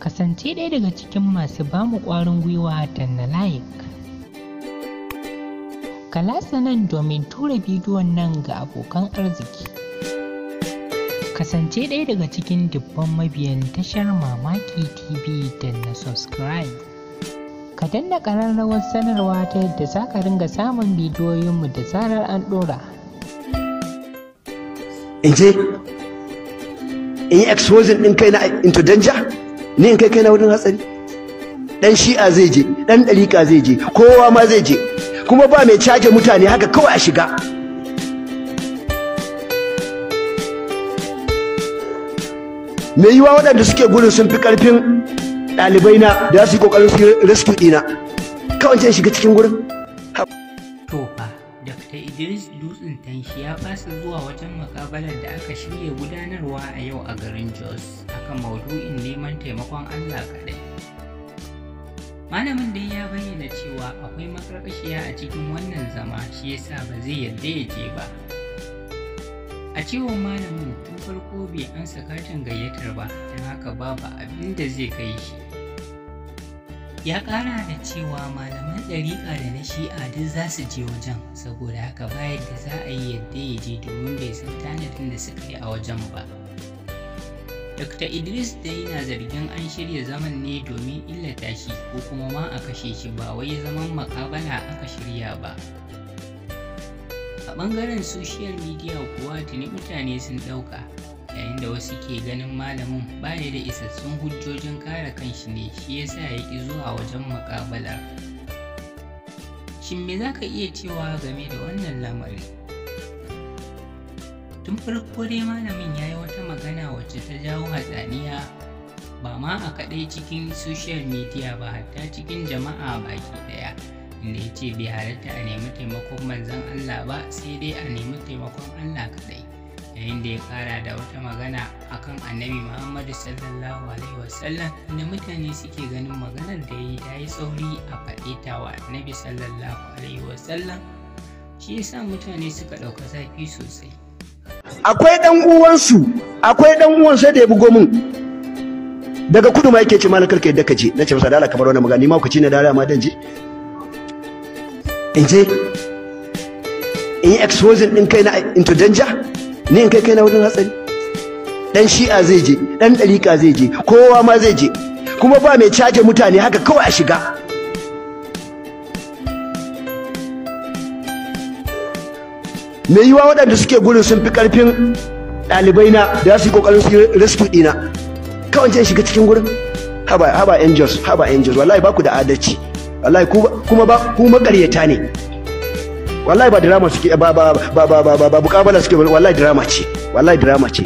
kasance ɗaya daga cikin masu ba mu ƙwarin gwiwa da na like. Kalasa nan domin tura bidiyon nan ga abokan arziki. Kasance ɗaya daga cikin dubban mabiyan tashar Mamaki TV da na subscribe. Ka danna ƙararrawar sanarwa ta yadda za ka ringa samun bidiyoyinmu da zarar an ɗora. In je, in yi exposing ɗin kai na into danger? ni in kai kai na wurin hatsari dan shi'a zai je dan dariƙa zai je kowa ma zai je kuma ba mai caje mutane haka kawai a shiga mai yiwa waɗanda suke gurin sun fi ƙarfin ɗalibai na da su yi ƙoƙarin su rescue ɗina kawai shiga cikin gurin Dr. Idris Dutsen Tanshi ya fasa zuwa wajen makabalar da aka shirya gudanarwa a yau a garin Jos akan maudu'in neman taimakon Allah kaɗai. Malamin dai ya bayyana cewa akwai makarkashiya a cikin wannan zama shi yasa ba zai yarda ya je ba. A cewar malamin tun farko bai ansa katin gayyatar ba don haka babu abin da zai kai shi. ya ƙara da cewa malaman ɗariƙa da na shi'a duk za su je wajen saboda haka ba yadda za a yi yadda ya je domin bai san tanadin da suka yi a wajen ba dr idris dai na zargin an shirya zaman ne domin illata shi ko kuma ma a kashe shi ba wai zaman makabala aka shirya ba a ɓangaren social media kuwa tuni mutane sun ɗauka yayin da wasu ke ganin malamin baya da isassun hujjojin kare kanshi ne shi ya sa ya ƙi zuwa wajen makabala shin me za ka iya cewa game da wannan lamari tun farko dai malamin ya yi wata magana wacce ta jawo hatsaniya ba ma a kaɗai cikin social media ba hatta cikin jama'a baki ɗaya inda ya ce bai halatta a nemi taimakon manzon Allah ba sai dai a nemi taimakon Allah kaɗai yayin da ya fara da wata magana akan annabi muhammadu sallallahu alaihi wasallam da mutane suke ganin maganar da yi ta yi tsauri a faɗe ta wa annabi sallallahu alaihi wasallam shi yasa mutane suka ɗauka zafi sosai akwai ɗan uwansu akwai ɗan uwansu da ya bugo min daga kudu ma yake ce ma ka karka yadda ka je na ce masa dala kamar wani magana ni ma ku ci na dala ma dan je in je in yi exposing ɗin kai na into danger ne in kai kai na wurin hatsari dan shi'a zai je dan ɗariƙa zai je kowa ma zai je kuma ba mai caje mutane haka kawai a shiga mai yiwa waɗanda suke gurin sun fi ƙarfin ɗalibai na da su yi ƙoƙarin su yi rescue ɗina kawai je shiga cikin gurin haba haba angels haba angels wallahi ba ku da adalci wallahi kuma ba ku makaryata ne wallahi ba drama suke ba ba ba ba ba ba mukabala suke wallahi drama ce wallahi drama ce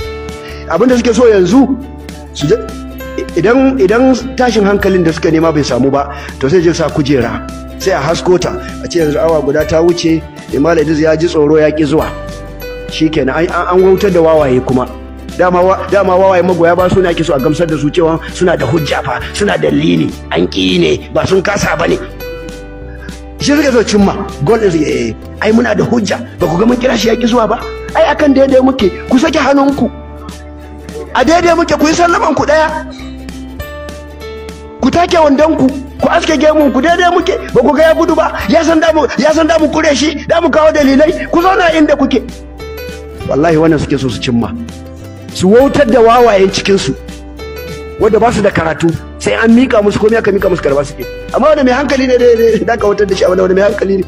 abinda suke so yanzu su idan idan tashin hankalin da suka nema bai samu ba to sai je sa kujera sai a haskota. a ce yanzu awa guda ta wuce imal idris ya ji tsoro ya ki zuwa shikenan an an wautar da wawaye kuma dama wawaye magoya ba suna ake so a gamsar da su cewa suna da hujja fa suna dalili. an ki ne ba sun kasa bane shi riga zo cimma gol is eh ai muna da hujja ba ku ga mun kira shi yaki zuwa ba ai akan daidai muke ku saki hannunku a daidai muke ku yi sallaman ku daya ku take wandon ku ku aske gemun ku daidai muke ba ku ga ya gudu ba ya san damu ya san damu kure shi Da mu kawo dalilai ku zauna inda kuke wallahi wannan suke so su cimma su wautar da wawayen cikinsu wanda ba su da karatu sai an mika musu komai aka mika musu karba suke amma wanda mai hankali ne dai-dai. da ka wutar da shi wanda mai hankali ne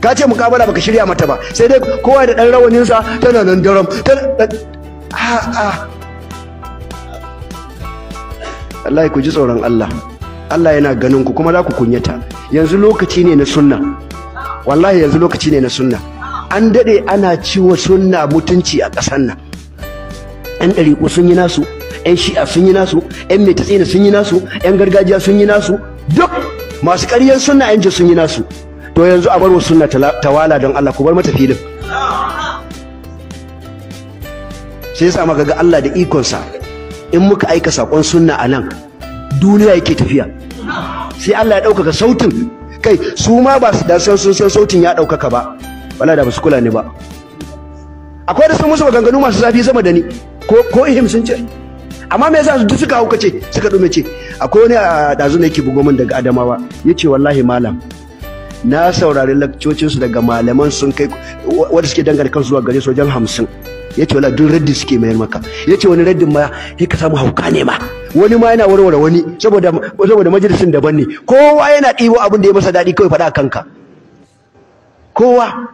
ka ce mukabala baka shirya mata ba sai dai kowa da dan rawanin sa tana nan daram ta Allah ku ji tsoron Allah Allah yana ganin ku kuma za ku kunyata yanzu lokaci ne na sunna wallahi yanzu lokaci ne na sunna an dade ana ciwo sunna mutunci a ƙasar nan ɗan ɗariƙu sun yi nasu 'yan shi'a sun yi nasu 'yan mai tatsina sun yi nasu 'yan gargajiya sun yi nasu duk masu ƙaryen sunna 'yan sun yi nasu to yanzu a bar wa sunna tawala don Allah ku bar mata filin sai yasa maka ga Allah da ikonsa in muka aika saƙon sunna a nan duniya yake tafiya sai Allah ya ɗaukaka sautin kai su ma ba su da san sun san sautin ya ɗaukaka ba wala da ba su kula ni ba akwai da sun musu maganganu masu zafi sama da ni ko ihim sun ce amma me yasa su suka hauka ce suka dume ce akwai wani a ah, dazu ne yake bugo min daga Adamawa yace wallahi malam na saurari lakcocin su daga malaman sun kai wanda suke dangane kan zuwa gare su wajen hamsin yace wallahi duk raddi suke mayar maka yace wani raddin ma sai ka samu hauka ne ma wani ma yana warware wani saboda saboda majalisin daban ne kowa yana ɗibo abin da ya masa daɗi kawai faɗa kanka kowa